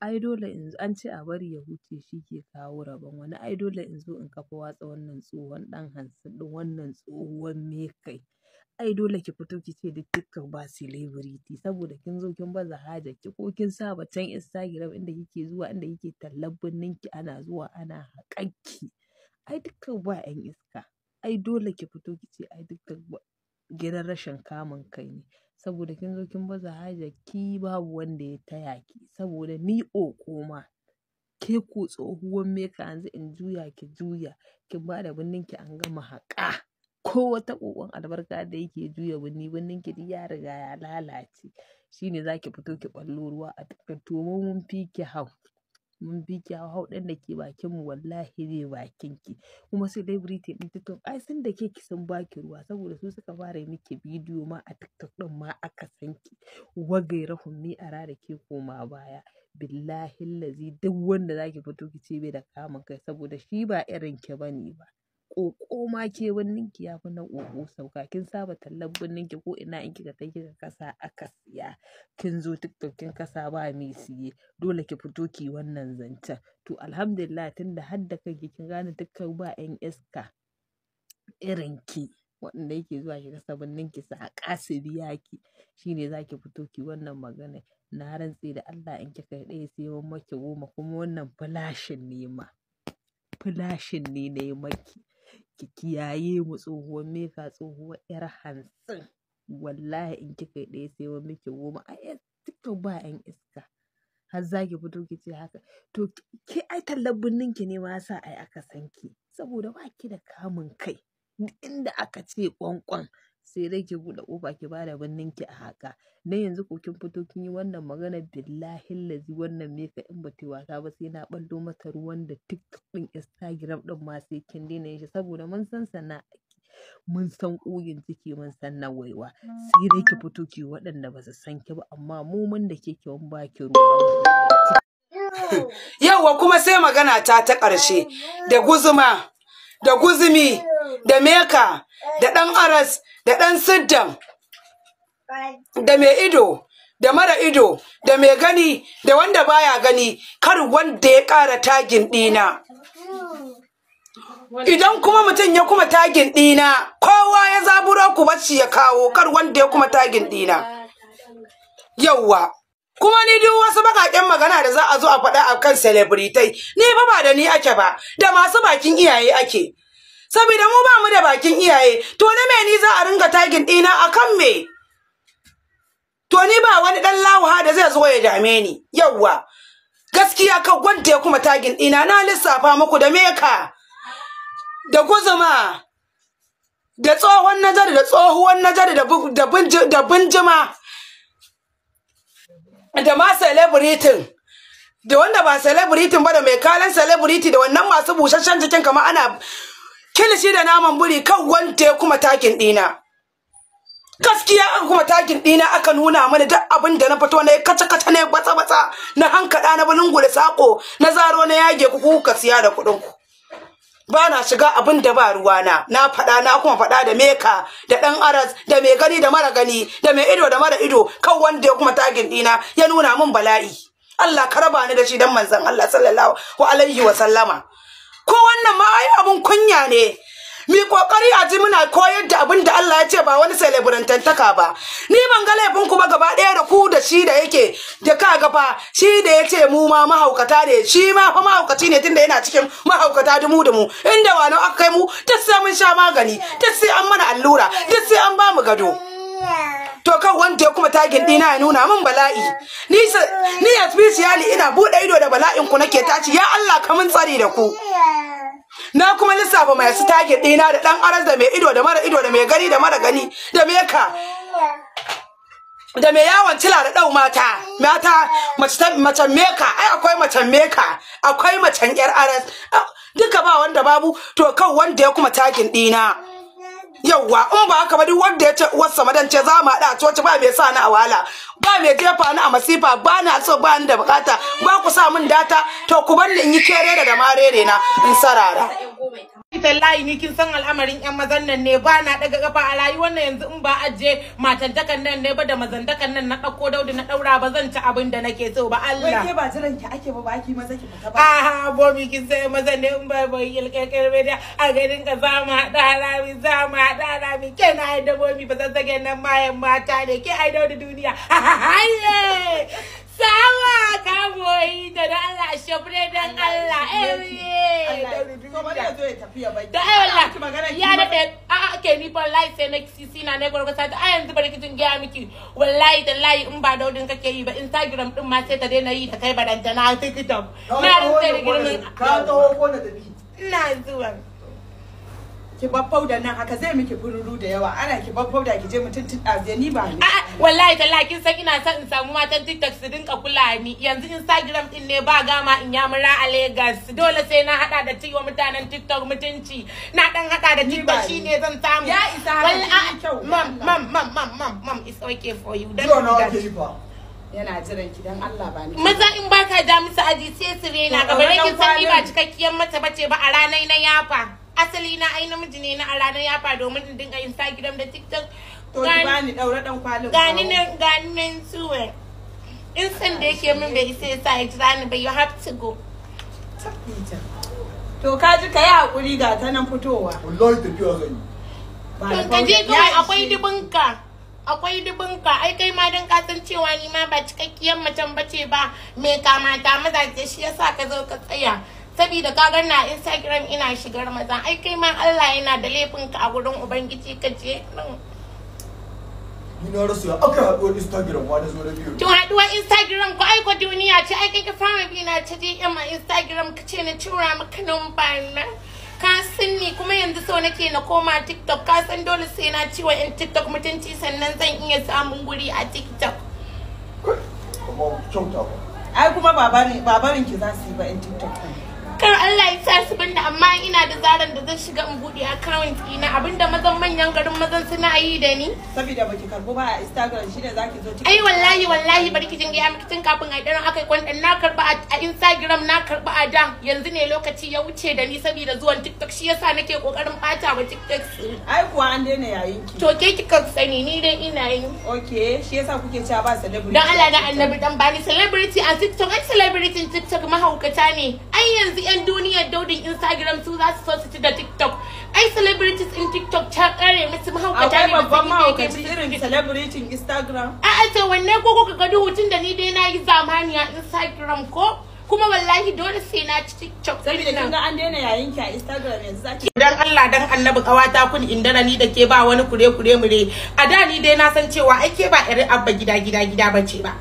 ai dole in an ce a bari ya huce shi ke kawo rabon wani. Ai dole in zo in kafa watsa wannan tsohon ɗan hansi ɗin wannan tsohon me kai. Ai dole ki fito ki ce dukkan ba celebrity saboda kin zo kin baza hajar ki ko kin saba can Instagram inda kike zuwa inda kike tallan ninki ana zuwa ana haƙan ki. Ai dukkan ba 'yan iska. Ai dole ki fito ki ce ai dukkan ba. gidan rashin kamun kai ne. Saboda kin zo kin baza hajaki babu wanda ya taya ki. Saboda ni o ma, ke ku tsohuwan ka yanzu in juya ki juya, ki bada birnin ki an gama haƙa. Ko wata ƙoƙon albarka da yake juya birni, birnin ki duk ya riga ya lalace. Shine zaki fito ki ɓallo ruwa a tafiyar to mu mun fi ki hau. mun bi ki hau da ke bakin mu wallahi zai bakin ki kuma burite ɗin TikTok ai sun da ke ki sun baki ruwa saboda su suka fara yi miki bidiyo ma a TikTok ɗin ma aka san ki wagairahum mi a da ke koma baya billahi lazi duk wanda zaki fito ki ce bai da kamun kai saboda shi ba irin ki bane ba ƙoƙo ma ke birnin ya fi na ƙoƙo sauka kin saba tallan birnin ki ko ina in kika kai kika kasa aka siya kin zo tiktok kin kasa ba me siye dole ki fito ki wannan zancen to alhamdulillah tunda har da kanki kin gane dukkan ba yan iska irin ki waɗanda yake zuwa ki kasa birnin ki sa ƙasa biya ki shine zaki fito ki wannan magana na rantse da Allah in kika ɗaya sai maki goma kuma wannan filashin ne ma filashin ne na yi maki ki kiyaye mu tsohuwar meka tsohuwar yar hantsin wallahi in kika yi ɗaya sai wani miki goma a duka ba yan iska har za ki fito ki ce haka to ki ai tallan birnin ki ne ma sa ai aka san ki saboda ba ki da kamun kai inda aka ce kwankwan sai dai ki buɗe ƙofa ki bada birnin ki a haka dan yanzu ko kin fito kin yi wannan magana billahi lazi wannan me ka in bata wasa ba sai na ballo mata ruwan da tiktok ɗin instagram ɗin ma sai kin daina yin shi saboda mun san sana'a mun san ƙugin ciki mun san na sai dai ki fito ki waɗanda ba su san ki ba amma mu mun da ke kiwon ba ki ruwa yauwa kuma sai magana ta ta ƙarshe da guzuma da guzumi da meka da ɗan aras da ɗan siddan da mai ido da mara ido da mai gani da wanda baya gani kar wanda ya ƙara tagin ɗina idan kuma mutum ya kuma tagin ɗina kowa ya zaburo ku bacci ya kawo kar wanda ya kuma tagin ɗina yauwa kuma ni duk wasu bakaƙen magana da za a zo a faɗa a kan celebritai ni ba ba da ni ake ba da masu bakin iyaye ake saboda mu ba mu da bakin iyaye to na me ni za a ringa tagin ɗina a kan me to ni ba wani ɗan lawaha da zai zo ya dame ni yawwa gaskiya ka gwanta ya kuma tagin ɗina na lissafa muku da meka da guzuma da tsohon nazar, da tsohuwan nazar da binjima da ma celebritin da wanda ba celebritin ba da mai kalan celebrity da wannan masu busasshen jikin kamar ana kilishi da naman buri kan ya kuma takin dina gaskiya an kuma takin dina aka nuna mana duk abin da na fito na kace kaca ne batsa batsa na hankada na bulungu da sako na zaro na yage ku ku siya da kuɗin ku Bana shiga abin da ba ruwana na faɗa na kuma faɗa da meka da ɗan aras da mai gani da mara gani da mai ido da mara ido kan wanda ya kuma tagin ɗina ya nuna min bala'i Allah ka raba ni da shi dan manzon Allah sallallahu alaihi wa sallama ko wannan ma ai abun kunya ne mi kokari a ji muna koyar da abin da Allah ya ce ba wani celebrantantaka ba ni ban ga laifin ku ba gaba ɗaya da ku da shi da yake da ka gaba shi da ya ce mu ma mahaukata ne shi ma fa mahaukaci ne tunda yana cikin mahaukata dumu dumu inda wani aka kai mu ta sai mun sha magani ta sai an mana allura ta sai an ba mu gado to kan wanda ya kuma tagin dina ya nuna min bala'i ni ni especially ina bude ido da bala'in ku nake taci ya Allah ka mun tsari da ku na kuma lissafa mai su target ɗina da ɗan aras da mai ido da mara ido da mai gani da mara gani da mai ka da mai yawon cila da ɗau mata mata macen meka ai akwai macen meka akwai macen yar aras ah, duka ba wanda babu to kan wanda ya kuma tagin ɗina yawwa in ba haka ba duk wanda ya ce uwar samadan ce za mu haɗa a coci ba mai sa ni a wahala ba mai jefa ni a masifa ba na so ba ni da bukata ba ku sa min data to ku bar ni in yi kere da damarere na in sarara tallahi ni kin san al'amarin yan mazan nan ne ba na daga gaba a rayuwar nan yanzu in ba aje matantakan nan ne ba da mazantakan nan na dauko daudi na daura ba zan ci abin da nake so ba Allah wai ke ba jiran ki ake ba baki maza ki fita ba aha bobi kin sai maza ne in ba bai ilkekar ba a garin ka zama da rami zama da rami ke na da bobi ba zan sake nan mayan mata ne ke ai daudu duniya haye sawa ka goyi da don Allah shabre don Allah eh, eh. da ai eh, wallah ya daɗe a ah, ake ah, ni wallahi sai na sisi na na gwargwasa da a' ah, yanzu bari kijin gaya miki wallahi da layi in ba daudin kake yi ba instagram din ma sai ta daina yi ta kai ba dantana tiktok na rinsa da girman ka taho ko na tafi ina zuwa ki babbau da nan haka zai miki bururu da yawa ana ki babbau da ki je mutum tun ni ba ni. wallahi tallahi kin san ina son in samu matan tiktok su dinka kula ni yanzu instagram din ne ba gama in yamura a lagos dole sai na hada da tiwa mutanen tiktok mutunci na dan hada da tiktok shine zan samu. ya isa wallahi kyau. mam mam mam mam mam it's okay for you. you know okay ba yana jiran ki dan Allah ba ni maza in baka da musu aji sai su rena gaba ne ki san ba cikakkiyar mace bace ba a ranai na yafa asali na ai namiji ne na a ranar yafa domin in dinga instagram da tiktok gani ne gani nan suwe in san da yake min bai sai sa ya jira ni ba you have to go to ka ji ka yi hakuri ga ta nan fitowa wallahi tafiya zan yi to ka je kawai akwai dubinka akwai dubinka ai kai ma don kasan cewa ni ma ba cikakkiyar macen bace ba me kamata mazaje shi yasa ka zo ka tsaya saboda gagar na instagram ina shigar maza ai kai ma Allah yana da laifinka a gurin ubangiji ka je nan ni na ya, aka haɗuwar instagram ma na zo na biyu to haɗuwar instagram ko aiko duniya ce ai kai ka fara bi na ta je yamma instagram ka ce na tura maka number na ka san ni kuma yanzu so nake na koma tiktok ka san dole sai na ciwa in tiktok mutunci sannan zan iya samun guri a tiktok ai kuma babarin ki za su yi ba in tiktok kar Allah ya sa su banda amma ina da zaran da zan shiga in bude account ina abinda mazan manyan garin mazan suna yi da ni saboda baki karbo ba a Instagram shine zaki zo ai wallahi wallahi barki jin ga miki tun kafin a daren akai kwan dan na karba a Instagram na karba a da yanzu ne lokaci ya wuce da ni saboda zuwan TikTok shi yasa nake kokarin bata wa TikTok ai kuwa an daina yayin ki to ke kika sani ni dai ina yin okay shi yasa kuke cewa ba celebrity dan Allah da annabi dan ba ni celebrity a TikTok ai celebrity TikTok mahaukata ne ai yanzu 'yan duniyar daudin instagram su za su so su da tiktok ai celebrities in tiktok ta kare musu mahaukata ne babban mahaukaci irin celebrity instagram a a ce wanne ko ko ga hutun da ni dai na yi zamani a instagram ko kuma wallahi dole sai na ci tiktok saboda kin ga an daina yayin ki a instagram yanzu zaki dan Allah dan annabi kawata kun indana ni da ke ba wani kure kure mure a da ni dai na san cewa ai ke ba yar abba gida gida gida bace ba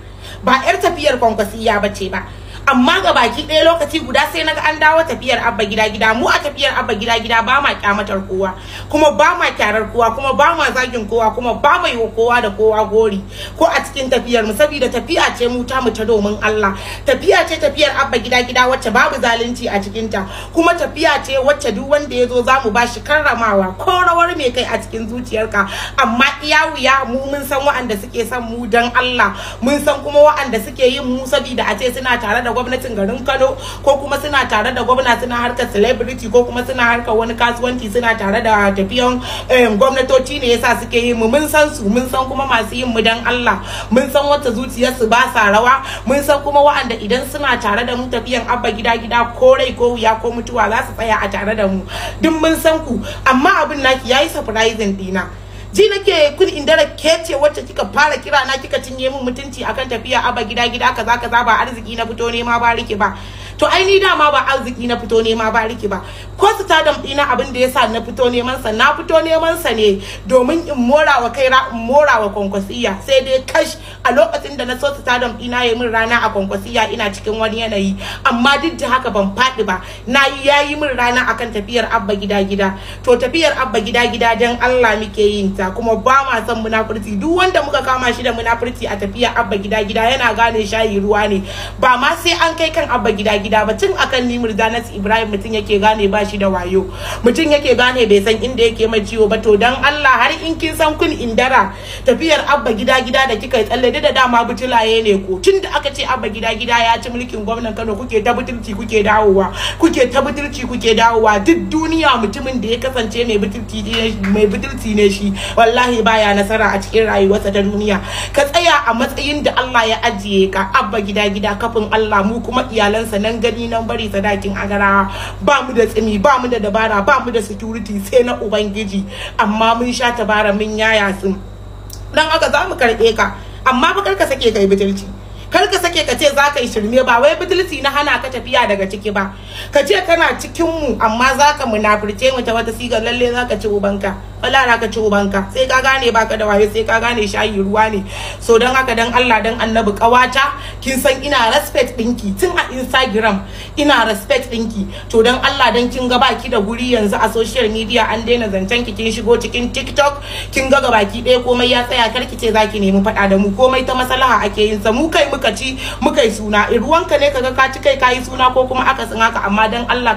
ba yar tafiyar kwankwasiya bace ba amma ga baki ɗaya lokaci guda sai naga an dawo tafiyar abba gida gida mu a tafiyar abba gida gida ba ma kyamatar kowa kuma ba ma kyarar kowa kuma ba ma zagin kowa kuma ba ma wa kowa da kowa gori ko a cikin tafiyar mu saboda tafiya ce mu ta mu ta domin Allah tafiya ce tafiyar abba gida gida wacce babu zalunci a cikin ta kuma tafiya ce wacce duk wanda ya zo za mu bashi karramawa ko rawar me kai a cikin zuciyarka amma iya wuya mu mun san wa'anda suke son mu dan Allah mun san kuma wa'anda suke yin mu saboda a ce suna tare da gwamnatin garin Kano ko kuma suna tare da gwamna suna harka celebrity ko kuma suna harkar wani kasuwanci suna tare da tafiyan eh, gwamnatoci ne yasa suke yi mu mun san su mun san kuma masu yin mu dan Allah mun san wata zuciyarsu ba sa rawa mun san kuma waɗanda idan suna tare da mu tafiyan abba gida gida ko rai ko wuya ko mutuwa za su tsaya a tare da mu duk mun san ku amma abin naki yayi surprising dina ji nake kun indara ke ce wacce kika fara kira na kika cinye min mutunci akan tafiya aba gida gida kaza kaza ba arziki na fito ne ma ba rike ba to ai ni dama ba arziki na fito ne ma ba rike ba ko su ta dam dina abin da yasa na fito neman sa na fito neman sa ne domin in mora wa kaira in mora wa kwankwasiya sai dai kash a lokacin da na so su stadium ina ya min rana a kwankwasiya ina cikin wani yanayi amma duk da haka ban faɗi ba na yi yayi min rana akan tafiyar abba gida gida to tafiyar abba gida gida dan Allah muke yin ta kuma ba ma son munafurci duk wanda muka kama shi da munafurci a tafiyar abba gida gida yana gane shayi ruwa ne ba ma sai an kai kan abba gida gida ba tun akan ni Mirzanas Ibrahim mutum yake gane ba shi da wayo mutum yake gane bai san inda yake mai ciwo ba to dan Allah har in kin san kun indara tafiyar abba gida gida da kika yi tsalle yadda da dama butulaye ne ko tun da aka ce abba gida gida ya ci mulkin gwamnan Kano kuke ta butulci kuke dawowa kuke ta butulci kuke dawowa duk duniya mutumin da ya kasance mai butulci mai butulci ne shi wallahi baya nasara a cikin rayuwarsa ta duniya ka tsaya a matsayin da Allah ya ajiye ka abba gida gida kafin Allah mu kuma iyalansa nan gani nan bari sadakin agara ba mu da tsimi ba mu da dabara ba mu da security sai na ubangiji amma mun sha tabara mun yaya sun dan haka za mu karɓe ka amma fa karka sake kai butulci kar ka sake ka ce za yi shirme ba wai bitirci na hana ka tafiya daga ciki ba ka ce kana cikin mu amma zaka ka munafurce mu ta wata sigar lalle zaka ci ubanka wala na ka ci ubanka sai ka gane baka da waye sai ka gane shayi ruwa ne so don haka dan Allah dan annabi kawata kin san ina respect ɗinki tun a Instagram ina respect ɗinki to dan Allah dan kin ga baki da guri yanzu a social media an daina zancen ki kin shigo cikin TikTok kin ga gabaki ɗaya komai ya tsaya karki ce zaki nemi faɗa da mu komai ta maslaha ake yin sa mu kai muka ci muka yi suna eh, ruwanka ne kaga ka ci kai kayi suna ko kuma aka akasin haka amma dan Allah